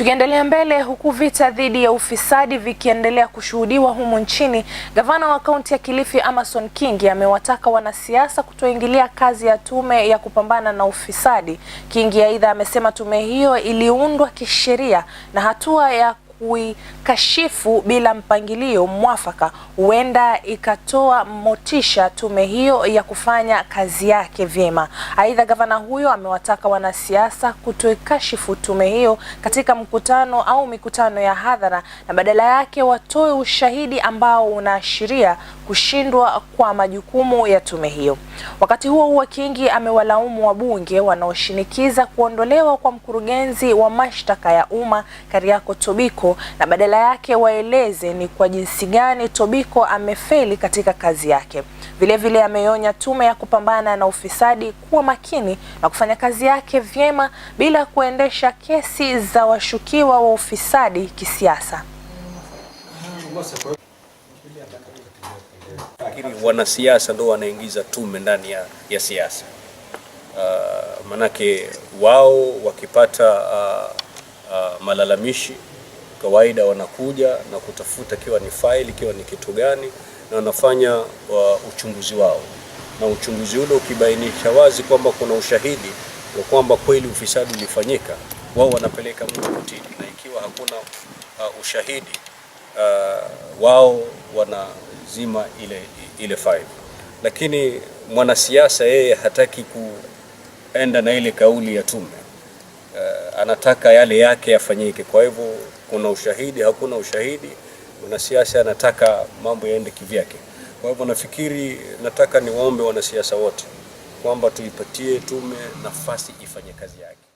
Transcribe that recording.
Tukiendelea mbele, huku vita dhidi ya ufisadi vikiendelea kushuhudiwa humu nchini, gavana wa kaunti ya Kilifi Amason Kingi amewataka wanasiasa kutoingilia kazi ya tume ya kupambana na ufisadi. Kingi aidha amesema tume hiyo iliundwa kisheria na hatua ya kuikashifu bila mpangilio mwafaka huenda ikatoa motisha tume hiyo ya kufanya kazi yake vyema. Aidha, gavana huyo amewataka wanasiasa kutoikashifu tume hiyo katika mkutano au mikutano ya hadhara na badala yake watoe ushahidi ambao unaashiria kushindwa kwa majukumu ya tume hiyo. Wakati huo huo, Kingi amewalaumu wabunge wanaoshinikiza kuondolewa kwa mkurugenzi wa mashtaka ya umma Kariako Tobiko na badala yake waeleze ni kwa jinsi gani Tobiko amefeli katika kazi yake. Vilevile ameonya tume ya kupambana na ufisadi kuwa makini na kufanya kazi yake vyema bila kuendesha kesi za washukiwa wa ufisadi kisiasa. Lakini wanasiasa ndo wanaingiza tume ndani ya, ya siasa uh, manake wao wakipata uh, uh, malalamishi kawaida wanakuja na kutafuta ikiwa ni faili ikiwa ni kitu gani, na wanafanya uh, uchunguzi wao, na uchunguzi ule ukibainisha wazi kwamba kuna ushahidi wa kwamba kweli ufisadi ulifanyika, wao wanapeleka mtu kotini, na ikiwa hakuna uh, ushahidi uh, wao wanazima ile, ile file, lakini mwanasiasa yeye hataki kuenda na ile kauli ya tume uh, anataka yale yake yafanyike. Kwa hivyo kuna ushahidi, hakuna ushahidi, mwanasiasa anataka mambo yaende kivyake. Kwa hivyo nafikiri, nataka niwaombe wanasiasa wote kwamba tuipatie tume nafasi ifanye kazi yake.